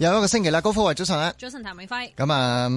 有一個星期啦，高科慧早晨咧，早晨譚美輝。咁啊，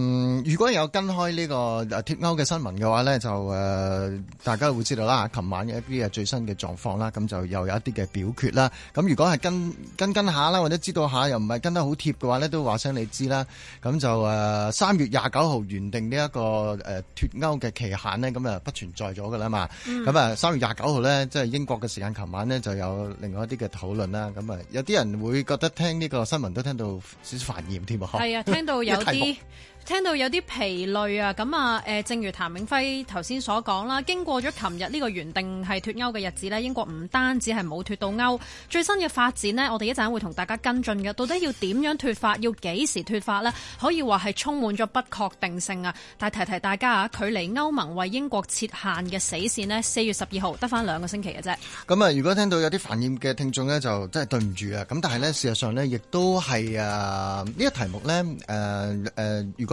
如果有跟開、這個、歐的的呢個脫歐嘅新聞嘅話咧，就誒、呃、大家會知道啦。琴晚一啲嘅最新嘅狀況啦，咁就又有一啲嘅表決啦。咁如果係跟，跟跟跟下啦，或者知道下又唔係跟得好貼嘅話咧，都話聲你知啦。咁就誒三、呃、月廿九號原定呢、這、一個誒脫歐嘅期限呢，咁啊不存在咗噶啦嘛。咁啊三月廿九號咧，即、就、係、是、英國嘅時間，琴晚咧就有另外一啲嘅討論啦。咁啊有啲人會覺得聽呢個新聞都聽到。少少煩厭添啊！係啊，聽到有啲。聽到有啲疲累啊，咁啊，誒，正如譚永輝頭先所講啦，經過咗琴日呢個原定係脫歐嘅日子呢，英國唔單止係冇脫到歐，最新嘅發展呢，我哋一陣會同大家跟進嘅，到底要點樣脫法，要幾時脫法呢？可以話係充滿咗不確定性啊！但係提提大家啊，距離歐盟為英國設限嘅死線呢，四月十二號得翻兩個星期嘅啫。咁啊，如果聽到有啲煩厭嘅聽眾呢，就真係對唔住啊！咁但係呢，事實上呢，亦都係呢個題目呢。呃呃呃，如果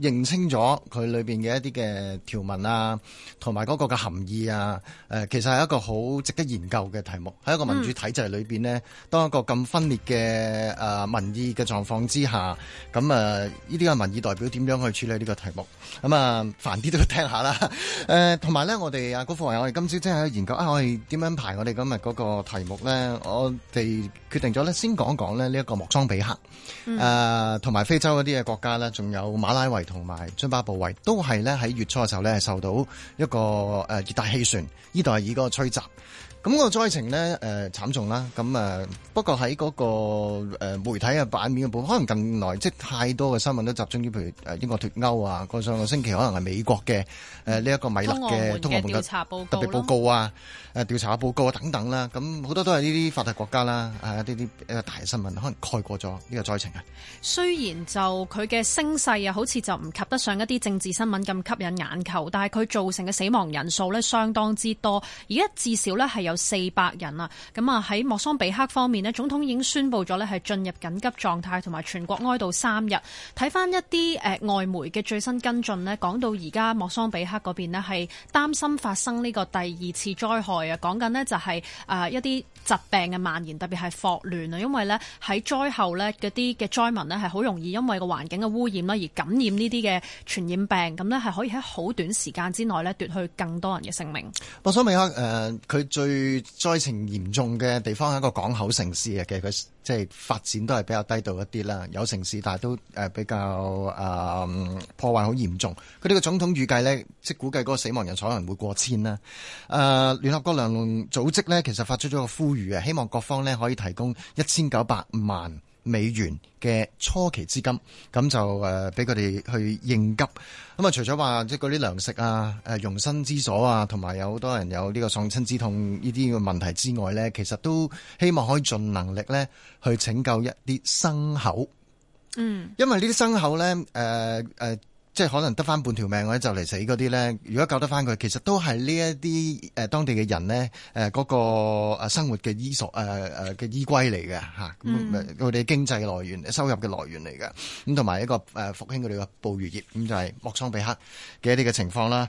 認清咗佢裏邊嘅一啲嘅條文啊，同埋嗰個嘅含義啊，誒、呃、其實係一個好值得研究嘅題目。喺一個民主體制裏邊咧，當一個咁分裂嘅誒、呃、民意嘅狀況之下，咁、嗯、啊，呢啲嘅民意代表點樣去處理呢個題目？咁、嗯、啊，煩啲都聽下啦。誒同埋咧，我哋阿高副我哋今朝即係研究啊，我哋點樣排我哋今日嗰個題目咧？我哋決定咗咧，先講講咧呢一個莫桑比克，誒同埋非洲嗰啲嘅國家咧，仲有馬拉維。同埋津巴布韋都係咧，喺月初嘅時候咧，受到一個誒熱帶氣旋，伊代係以嗰個吹襲。咁個災情咧，誒、呃、慘重啦。咁誒、呃、不過喺嗰、那個、呃、媒體啊版面嘅報，可能近來即係太多嘅新聞都集中於譬如英國脫歐啊，個上個星期可能係美國嘅誒呢一個米勒嘅通俄門。特別報告啊，誒啦、啊、調查報告啊等等啦。咁好多都係呢啲發達國家啦、啊，啊啲啲一個大嘅新聞可能蓋過咗呢個災情啊。雖然就佢嘅聲勢啊，好似就唔及得上一啲政治新聞咁吸引眼球，但係佢造成嘅死亡人數咧，相當之多。而家至少咧係。有四百人啊！咁啊喺莫桑比克方面咧，總統已經宣布咗咧係進入緊急狀態同埋全國哀悼三日。睇翻一啲誒、外媒嘅最新跟進咧，講到而家莫桑比克嗰邊咧係擔心發生呢個第二次災害啊！講緊咧就係誒、一啲疾病嘅蔓延，特別係霍亂啊，因為咧喺災後咧嗰啲嘅災民咧係好容易因為個環境嘅污染啦，而感染呢啲嘅傳染病，咁咧係可以喺好短時間之內咧奪去更多人嘅性命。莫桑比克誒，佢、呃、最最災情嚴重嘅地方係一個港口城市啊，其實佢即係發展都係比較低度一啲啦，有城市但係都誒比較誒、嗯、破壞好嚴重。佢哋嘅總統預計呢，即係估計嗰個死亡人數可能會過千啦。誒、呃，聯合國糧農組織呢，其實發出咗個呼籲啊，希望各方呢可以提供一千九百萬。美元嘅初期資金，咁就誒俾佢哋去應急。咁啊，除咗話即係嗰啲糧食啊、誒容身之所啊，同埋有好多人有呢個喪親之痛呢啲嘅問題之外咧，其實都希望可以盡能力咧去拯救一啲牲口。嗯，因為呢啲牲口咧，誒、呃、誒。呃即係可能得翻半條命，或者就嚟死嗰啲咧。如果救得翻佢，其實都係呢一啲當地嘅人咧，嗰、嗰個生活嘅衣索嘅衣、呃呃、歸嚟嘅。咁佢哋經濟嘅來源、收入嘅來源嚟嘅。咁同埋一個復興佢哋嘅捕魚業，咁就係、係、莫桑比克嘅一啲嘅情況啦。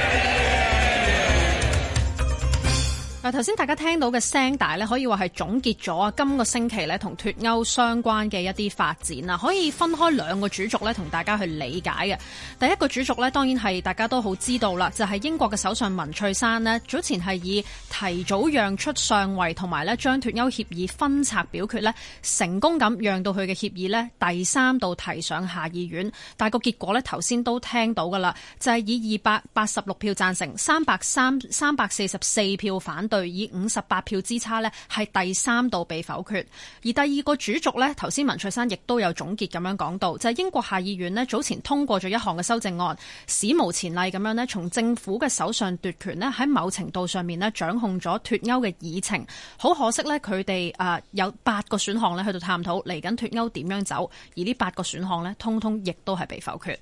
頭先大家聽到嘅聲帶咧，可以話係總結咗啊今個星期咧同脫歐相關嘅一啲發展啊，可以分開兩個主軸咧，同大家去理解嘅。第一個主軸咧，當然係大家都好知道啦，就係英國嘅首相文翠珊咧，早前係以提早讓出上位同埋咧將脫歐協議分拆表決咧，成功咁讓到佢嘅協議咧第三度提上下議院，但係個結果咧頭先都聽到噶啦，就係以二百八十六票贊成，三百三三百四十四票反對。以五十八票之差呢，係第三度被否決。而第二個主軸呢，頭先文翠珊亦都有總結咁樣講到，就係、是、英國下議院呢，早前通過咗一項嘅修正案，史無前例咁樣呢，從政府嘅手上奪權呢，喺某程度上面呢掌控咗脱歐嘅議程。好可惜呢，佢哋啊有八個選項呢去到探討嚟緊脫歐點樣走，而呢八個選項呢，通通亦都係被否決。誒、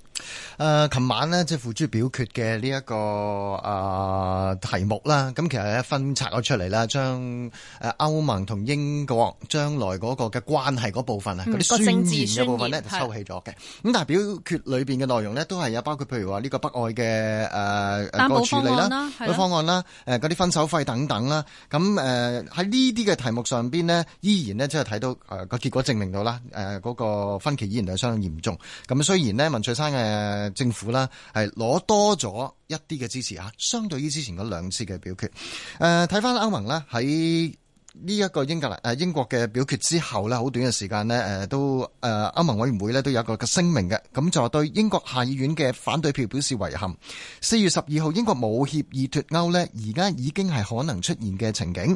呃，琴晚呢，即、就、係、是、付諸表決嘅呢一個誒、呃、題目啦，咁其實係分攞出嚟啦，將誒歐盟同英國將來嗰個嘅關係嗰部分啊，嗰啲宣言嘅部分咧抽起咗嘅。咁的但係表決裏邊嘅內容咧，都係有包括譬如話呢個北愛嘅誒、呃啊那個處理啦，個方案啦，誒嗰啲分手費等等啦。咁誒喺呢啲嘅題目上邊呢，依然呢，即係睇到誒個結果證明到啦，誒、呃、嗰、那個分歧依然係相當嚴重。咁雖然呢，文翠珊嘅政府啦係攞多咗一啲嘅支持嚇、啊，相對於之前嗰兩次嘅表決誒。呃睇翻歐盟咧喺呢一個英格蘭誒英國嘅表決之後咧，好短嘅時間咧誒都誒歐盟委員會咧都有一個嘅聲明嘅，咁就對英國下議院嘅反對票表示遺憾。四月十二號英國冇協議脱歐呢，而家已經係可能出現嘅情景。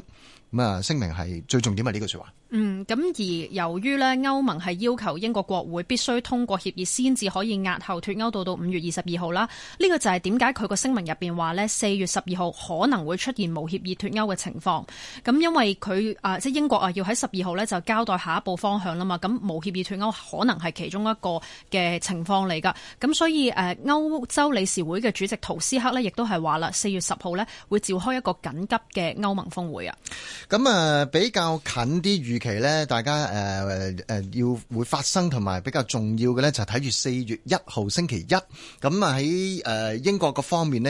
咁聲明係最重點係呢句說話。嗯，咁而由於呢歐盟係要求英國國會必須通過協議先至可以押後脱歐到5，到到五月二十二號啦。呢個就係點解佢個聲明入邊話呢，四月十二號可能會出現無協議脱歐嘅情況。咁因為佢啊，即係英國啊，要喺十二號呢就交代下一步方向啦嘛。咁無協議脱歐可能係其中一個嘅情況嚟㗎。咁所以誒，歐洲理事會嘅主席陶斯克呢，亦都係話啦，四月十號呢會召開一個緊急嘅歐盟峰會啊。咁啊，比較近啲預期呢，大家誒要會發生同埋比較重要嘅呢，就睇住四月一號星期一。咁啊，喺誒英國各方面呢，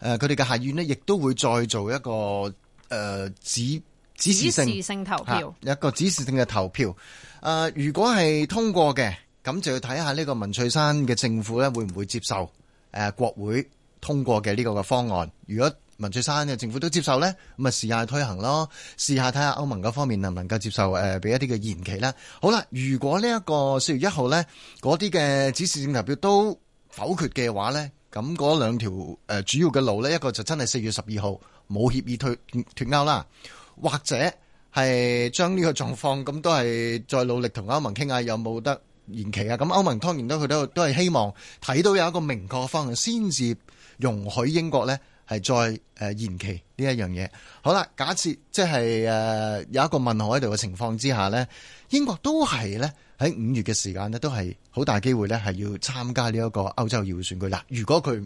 誒佢哋嘅下院呢，亦都會再做一個誒、呃、指、指示性、指示性投票，一個指示性嘅投票。誒、呃，如果係通過嘅，咁就要睇下呢個文翠山嘅政府呢，會唔會接受誒國會通過嘅呢個嘅方案？如果文翠山嘅政府都接受咧，咁咪試下推行咯，試下睇下歐盟嗰方面能唔能夠接受誒，俾、呃、一啲嘅延期啦。好啦，如果呢一個四月一號呢，嗰啲嘅指示性投票都否決嘅話呢，咁嗰兩條、呃、主要嘅路呢，一個就真係四月十二號冇協議退脫鈎啦，或者係將呢個狀況咁都係再努力同歐盟傾下，有冇得延期啊？咁歐盟當然都佢都都係希望睇到有一個明確嘅方向先至容許英國呢。係再誒延期呢一樣嘢。好啦，假設即係誒有一個問號喺度嘅情況之下咧，英國都係咧。喺五月嘅時間呢都係好大機會呢係要參加呢一個歐洲議會選舉嗱。如果佢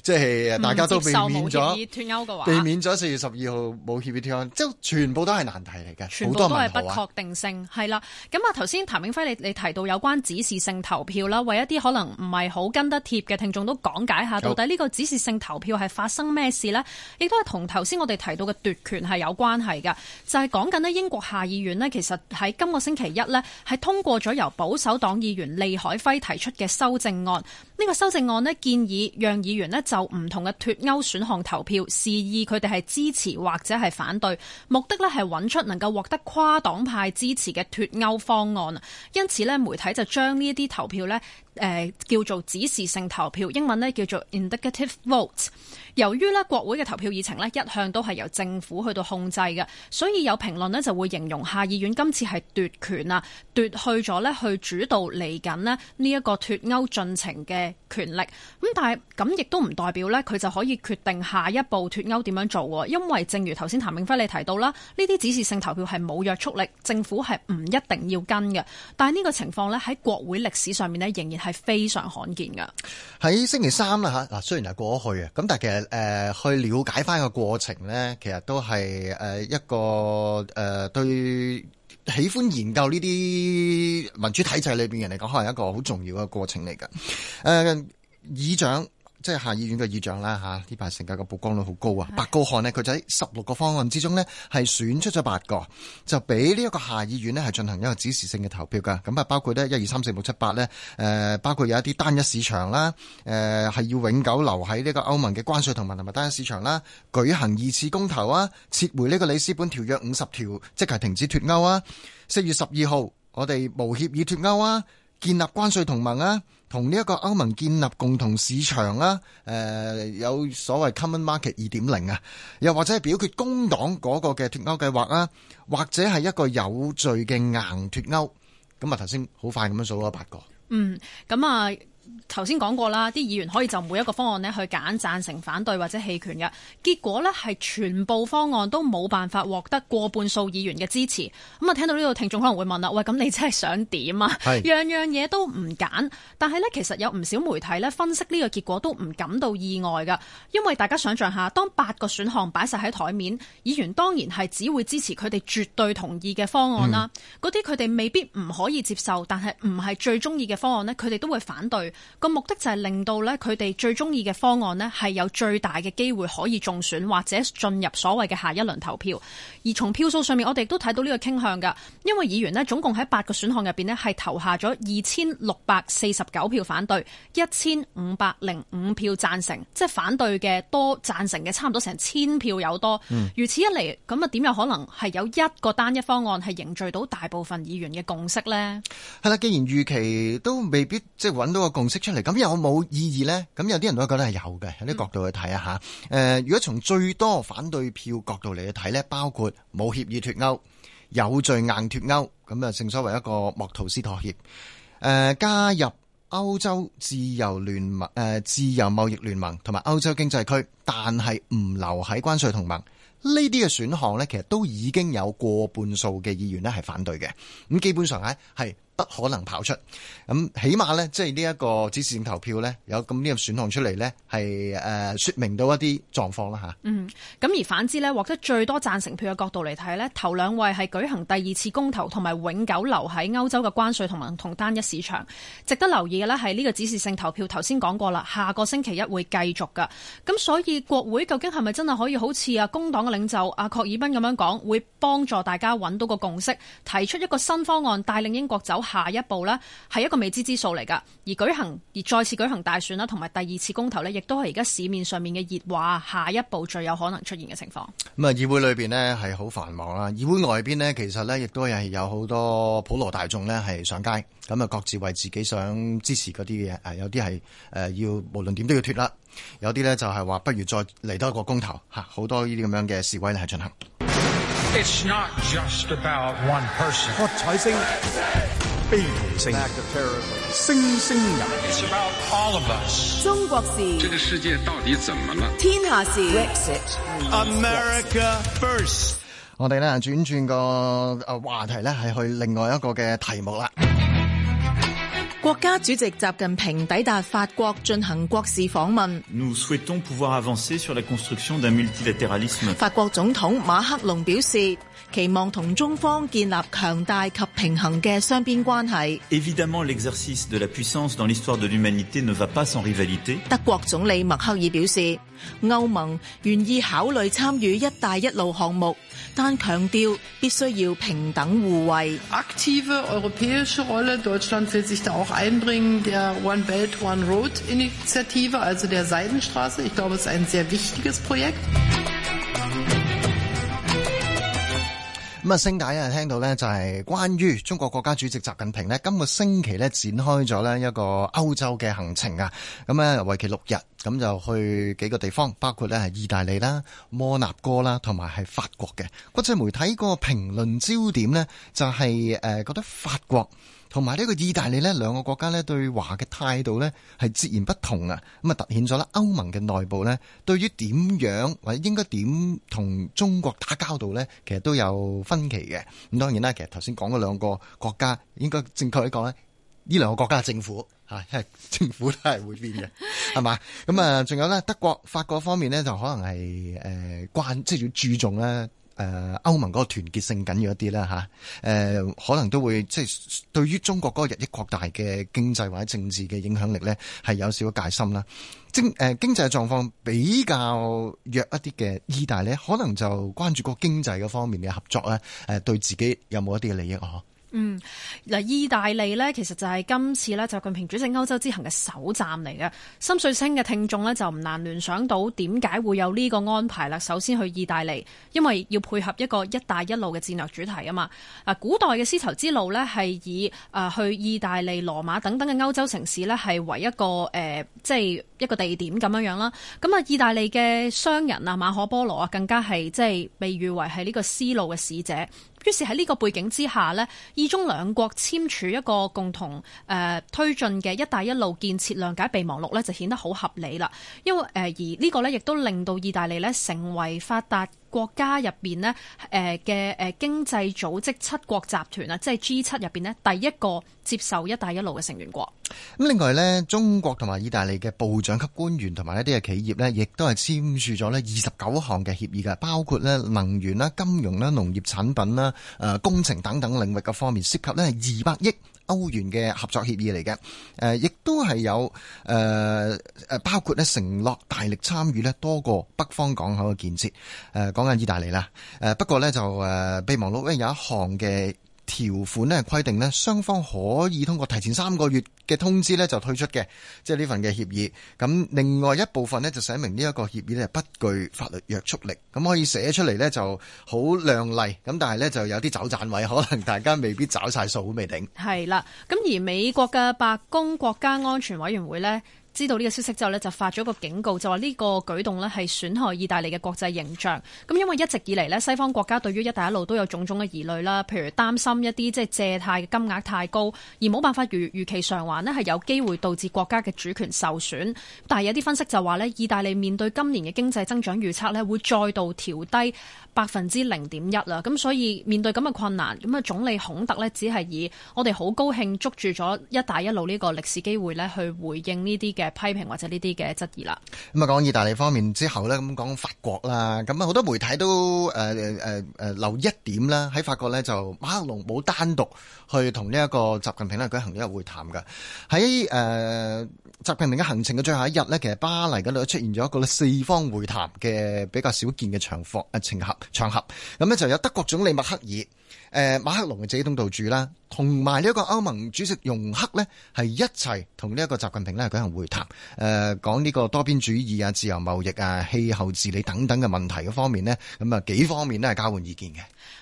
即係大家都免受無話避免咗避免咗四月十二號冇協議脫歐，即係全部都係難題嚟嘅，全部都係不確定性。係啦、啊，咁啊頭先譚永輝你，你你提到有關指示性投票啦，為一啲可能唔係好跟得貼嘅聽眾都講解下，到底呢個指示性投票係發生咩事呢？好亦都係同頭先我哋提到嘅奪權係有關係㗎。就係講緊呢英國下議院呢，其實喺今個星期一呢，係通過咗。咗由保守黨議員李海輝提出嘅修正案。呢個修正案建議讓議員就唔同嘅脱歐選項投票，示意佢哋係支持或者係反對，目的咧係揾出能夠獲得跨黨派支持嘅脱歐方案。因此，媒體就將呢一啲投票、呃、叫做指示性投票，英文叫做 indicative vote。由於咧國會嘅投票議程一向都係由政府去到控制嘅，所以有評論就會形容下議院今次係奪權啊，奪去咗去主導嚟緊咧呢一個脱歐進程嘅權力咁，但係咁亦都唔代表呢，佢就可以決定下一步脱歐點樣做。因為正如頭先譚永輝你提到啦，呢啲指示性投票係冇約束力，政府係唔一定要跟嘅。但係呢個情況呢，喺國會歷史上面呢，仍然係非常罕見噶。喺星期三啦吓，嗱雖然係過去啊，咁但係其實誒、呃、去了解翻個過程呢，其實都係誒一個誒、呃、對。喜歡研究呢啲民主體制裏邊，人嚟講可能係一個好重要嘅過程嚟㗎。誒、呃，議長。即係下議院嘅議長啦，吓，呢排成日嘅曝光率好高啊。的白高漢呢，佢就喺十六個方案之中呢，係選出咗八個，就俾呢一個下議院呢，係進行一個指示性嘅投票噶。咁啊，包括呢一二三四六七八呢，誒，包括有一啲單一市場啦，誒，係要永久留喺呢個歐盟嘅關稅同盟同埋單一市場啦，舉行二次公投啊，撤回呢個里斯本條約五十條，即係停止脫歐啊，四月十二號我哋無協議脫歐啊，建立關稅同盟啊。同呢一個歐盟建立共同市場啦，誒、呃、有所謂 Common Market 二點零啊，又或者係表決工黨嗰個嘅脫歐計劃啦，或者係一個有序嘅硬脫歐咁啊。頭先好快咁樣數咗八個，嗯，咁啊。頭先講過啦，啲議員可以就每一個方案呢去揀讚成、反對或者棄權嘅。結果呢係全部方案都冇辦法獲得過半數議員嘅支持。咁啊，聽到呢度聽眾可能會問啦：喂，咁你真係想點啊？是樣樣嘢都唔揀，但係呢，其實有唔少媒體呢分析呢個結果都唔感到意外噶。因為大家想象下，當八個選項擺晒喺台面，議員當然係只會支持佢哋絕對同意嘅方案啦。嗰啲佢哋未必唔可以接受，但係唔係最中意嘅方案呢，佢哋都會反對。個目的就係令到咧佢哋最中意嘅方案呢係有最大嘅機會可以中選或者進入所謂嘅下一輪投票。而從票數上面，我哋都睇到呢個傾向噶，因為議員呢總共喺八個選項入邊呢係投下咗二千六百四十九票反對，一千五百零五票贊成，即係反對嘅多，贊成嘅差唔多成千票有多。嗯。如此一嚟，咁啊點有可能係有一個單一方案係凝聚到大部分議員嘅共識呢？係啦，既然預期都未必即係揾到個共。識出嚟咁有冇意義呢？咁有啲人都覺得係有嘅，有啲角度去睇啊吓。誒、呃，如果從最多反對票角度嚟去睇呢，包括冇協議脫歐、有罪硬脫歐，咁啊，正所謂一個莫圖斯妥協。誒、呃，加入歐洲自由聯盟、誒、呃、自由貿易聯盟同埋歐洲經濟區，但係唔留喺關稅同盟呢啲嘅選項呢，其實都已經有過半數嘅議員呢係反對嘅。咁基本上咧係。不可能跑出，咁起碼呢，即係呢一個指示性投票呢，有咁呢個選項出嚟呢，係誒説明到一啲狀況啦嚇。嗯，咁而反之呢，獲得最多贊成票嘅角度嚟睇呢，頭兩位係舉行第二次公投同埋永久留喺歐洲嘅關稅同盟同單一市場，值得留意嘅呢係呢個指示性投票，頭先講過啦，下個星期一會繼續噶。咁所以國會究竟係咪真係可以好似啊工黨嘅領袖啊郝爾彬咁樣講，會幫助大家揾到個共識，提出一個新方案，帶領英國走？下一步呢，係一個未知之數嚟噶。而舉行而再次舉行大選啦，同埋第二次公投呢，亦都係而家市面上面嘅熱話。下一步最有可能出現嘅情況。咁啊，議會裏邊呢係好繁忙啦。議會外邊呢，其實呢亦都係有好多普羅大眾呢係上街，咁啊各自為自己想支持嗰啲嘢。有啲係誒要無論點都要脫啦。有啲呢就係話不如再嚟多一個公投嚇。好多呢啲咁樣嘅示威呢係進行。It's not just about one person。Oh, 彩星。被同情，聲聲人。中國事，這個世界到底怎麼了？天下事。America First。我哋咧轉轉個誒話題咧，係去另外一個嘅題目啦。國家主席習近平抵達法國進行國事訪問。法國總統馬克龍表示。期望同中方建立強大及平衡嘅雙邊關係。德國總理默克爾表示，歐盟願意考慮參與「一帶一路」項目，但強調必須要平等互惠。咁啊，星仔啊，聽到咧就係關於中國國家主席習近平咧，今個星期咧展開咗咧一個歐洲嘅行程啊，咁咧為期六日。咁就去幾個地方，包括咧係意大利啦、摩納哥啦，同埋係法國嘅。國際媒體個評論焦點呢，就係誒覺得法國同埋呢個意大利呢兩個國家呢對華嘅態度呢係截然不同啊！咁啊凸顯咗啦，歐盟嘅內部呢對於點樣或者應該點同中國打交道呢，其實都有分歧嘅。咁當然啦，其實頭先講嗰兩個國家，應該正確嚟講呢，呢兩個國家政府。吓，政府都係會變嘅，係嘛？咁啊，仲有咧，德國、法國方面咧，就可能係誒、呃、關，即係要注重咧，誒、呃、歐盟嗰個團結性緊要一啲啦，吓、啊，誒、呃、可能都會即係對於中國嗰個日益擴大嘅經濟或者政治嘅影響力咧，係有少少戒心啦、呃。經誒經濟狀況比較弱一啲嘅意大利，可能就關注個經濟嘅方面嘅合作咧，誒、呃、對自己有冇一啲嘅利益啊？嗯，嗱，意大利呢，其實就係今次呢習近平主席歐洲之行嘅首站嚟嘅。心水清嘅聽眾呢，就唔難聯想到點解會有呢個安排啦。首先去意大利，因為要配合一個一帶一路嘅戰略主題啊嘛。啊，古代嘅絲綢之路呢，係以啊去意大利、羅馬等等嘅歐洲城市呢，係為一個誒、呃，即係一個地點咁樣樣啦。咁、嗯、啊，意大利嘅商人啊，馬可波羅啊，更加係即係被譽為係呢個絲路嘅使者。於是喺呢個背景之下呢，意中兩國簽署一個共同誒推進嘅「一帶一路」建設諒解備忘錄呢就顯得好合理啦。因為誒而呢個呢，亦都令到意大利咧成為發達國家入邊咧誒嘅誒經濟組織七國集團啦，即係 G 七入邊咧第一個接受「一帶一路」嘅成員國。咁另外呢，中國同埋意大利嘅部長級官員同埋一啲嘅企業呢，亦都係簽署咗呢二十九項嘅協議嘅，包括咧能源啦、金融啦、農業產品啦。誒，工程等等領域嘅方面，涉及呢係二百億歐元嘅合作協議嚟嘅。誒，亦都係有誒誒，包括呢承諾大力參與呢多個北方港口嘅建設。誒，講緊意大利啦。誒，不過呢就誒，備忘錄咧有一項嘅。條款呢規定呢雙方可以通過提前三個月嘅通知呢就退出嘅，即係呢份嘅協議。咁另外一部分呢，就寫明呢一個協議呢不具法律約束力。咁可以寫出嚟呢就好亮麗。咁但係呢，就有啲走盞位，可能大家未必找晒數，未定。係啦，咁而美國嘅白宮國家安全委員會呢。知道呢個消息之後呢，就發咗個警告，就話呢個舉動呢係損害意大利嘅國際形象。咁因為一直以嚟呢，西方國家對於一帶一路都有種種嘅疑慮啦，譬如擔心一啲即係借貸嘅金額太高，而冇辦法如預期償還呢，係有機會導致國家嘅主權受損。但係有啲分析就話呢，意大利面對今年嘅經濟增長預測呢，會再度調低百分之零點一啦。咁所以面對咁嘅困難，咁啊總理孔特呢，只係以我哋好高興捉住咗一帶一路呢個歷史機會呢去回應呢啲嘅批評或者呢啲嘅質疑啦。咁啊，講意大利方面之後咧，咁講法國啦，咁啊，好多媒體都誒誒誒留一點啦。喺法國咧，就馬克龍冇單獨去同呢一個習近平咧，舉行一個會談噶。喺誒習近平嘅行程嘅最後一日咧，其實巴黎嗰度出現咗一個四方會談嘅比較少見嘅場合誒、呃，場合場合，咁咧就有德國總理默克爾。誒，馬克龍嘅自己東道主啦，同埋呢一個歐盟主席容克呢，係一齊同呢一個習近平咧舉行會談，誒，講呢個多邊主義啊、自由貿易啊、氣候治理等等嘅問題嘅方面呢，咁啊幾方面都係交換意見嘅。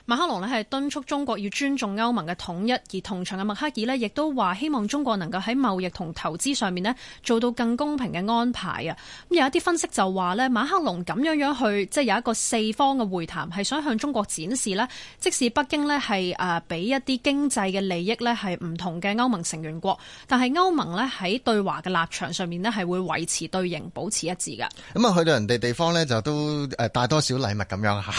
馬克龍呢，係敦促中國要尊重歐盟嘅統一，而同場嘅默克爾呢，亦都話希望中國能夠喺貿易同投資上面呢，做到更公平嘅安排啊。咁有一啲分析就話呢，馬克龍咁樣樣去即係、就是、有一個四方嘅會談，係想向中國展示呢，即使北京。咧係誒俾一啲經濟嘅利益咧係唔同嘅歐盟成員國，但係歐盟呢喺對華嘅立場上面咧係會維持對型保持一致噶咁啊去到人哋地方呢就都誒帶多少禮物咁樣吓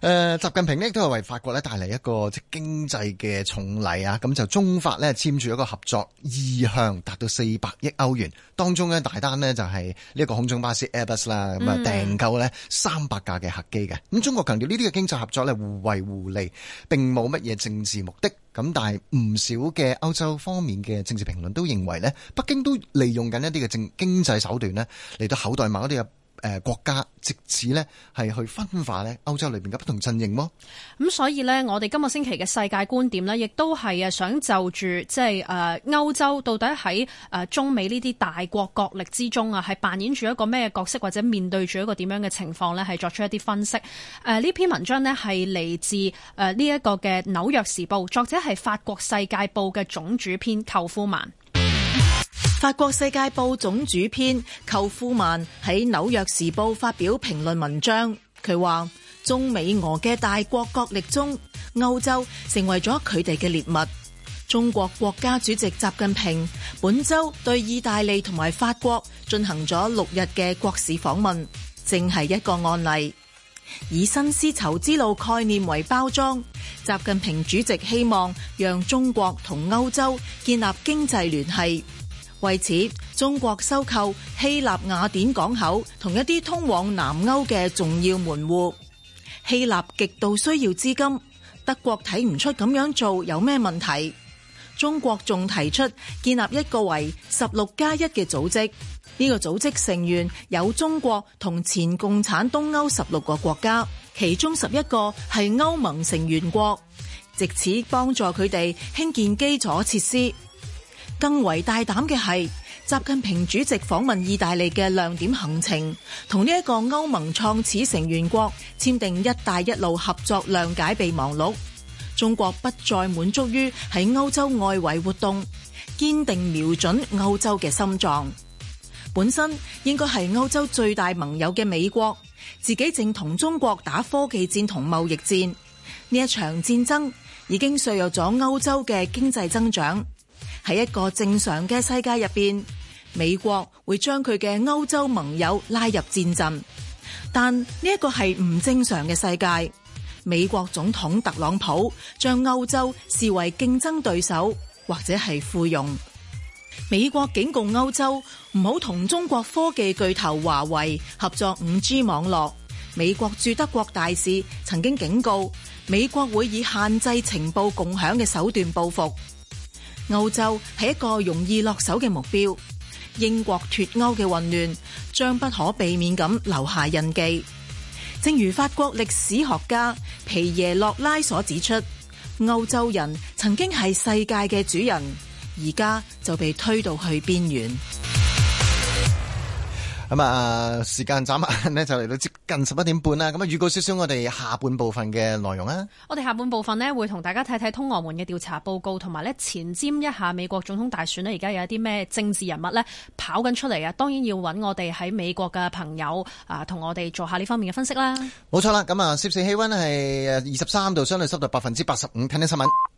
誒，習 近平呢都係為法國呢帶嚟一個即係經濟嘅重禮啊！咁就中法呢簽住一個合作意向，達到四百億歐元。當中呢，大單呢，就係呢一個空中巴士 Airbus 啦，咁啊訂購呢三百架嘅客機嘅。咁中國強調呢啲嘅經濟合作呢，互惠互利，並冇乜嘢政治目的。咁但係唔少嘅歐洲方面嘅政治評論都認為呢，北京都利用緊一啲嘅政經濟手段呢，嚟到口袋買一啲嘅。誒、呃，國家直至呢係去分化呢歐洲裏邊嘅不同陣營咯。咁所以呢，我哋今個星期嘅世界觀點呢，亦都係誒想就住即係誒歐洲到底喺誒、呃、中美呢啲大國角力之中啊，係扮演住一個咩角色，或者面對住一個點樣嘅情況呢，係作出一啲分析。誒、呃，呢篇文章呢，係嚟自誒呢一個嘅紐約時報，作者係法國世界報嘅總主編蔻夫曼。法國世界報總主編蔻夫曼喺紐約時報發表評論文章，佢話中美俄嘅大國角力中，歐洲成為咗佢哋嘅獵物。中國國家主席習近平本周對意大利同埋法國進行咗六日嘅國事訪問，正係一個案例。以新絲綢之路概念為包裝，習近平主席希望讓中國同歐洲建立經濟聯繫。為此，中國收購希臘雅典港口同一啲通往南歐嘅重要門戶。希臘極度需要資金，德國睇唔出咁樣做有咩問題。中國仲提出建立一個為十六加一嘅組織，呢個組織成員有中國同前共產東歐十六個國家，其中十一個係歐盟成員國，借此幫助佢哋興建基礎設施。更為大膽嘅係，習近平主席訪問意大利嘅亮點行程，同呢一個歐盟創始成員國簽訂“一帶一路”合作諒解備忘錄。中國不再滿足於喺歐洲外圍活動，堅定瞄準歐洲嘅心臟。本身應該係歐洲最大盟友嘅美國，自己正同中國打科技戰同貿易戰，呢一場戰爭已經削弱咗歐洲嘅經濟增長。喺一個正常嘅世界入邊，美國會將佢嘅歐洲盟友拉入戰陣，但呢一個係唔正常嘅世界。美國總統特朗普將歐洲視為競爭對手或者係附庸。美國警告歐洲唔好同中國科技巨頭華為合作 5G 網絡。美國駐德國大使曾經警告，美國會以限制情報共享嘅手段報復。歐洲係一個容易落手嘅目標，英國脫歐嘅混亂將不可避免咁留下印記。正如法國歷史學家皮耶諾拉所指出，歐洲人曾經係世界嘅主人，而家就被推到去邊緣。咁啊、嗯，時間眨眼呢，就嚟到接近十一點半啦。咁啊，預告少少我哋下半部分嘅內容啊。我哋下半部分呢，會同大家睇睇通俄門嘅調查報告，同埋咧，前瞻一下美國總統大選呢而家有一啲咩政治人物咧跑緊出嚟啊。當然要揾我哋喺美國嘅朋友啊，同我哋做下呢方面嘅分析啦。冇錯啦，咁啊，攝氏氣溫係二十三度，相對濕度百分之八十五。聽聽新聞。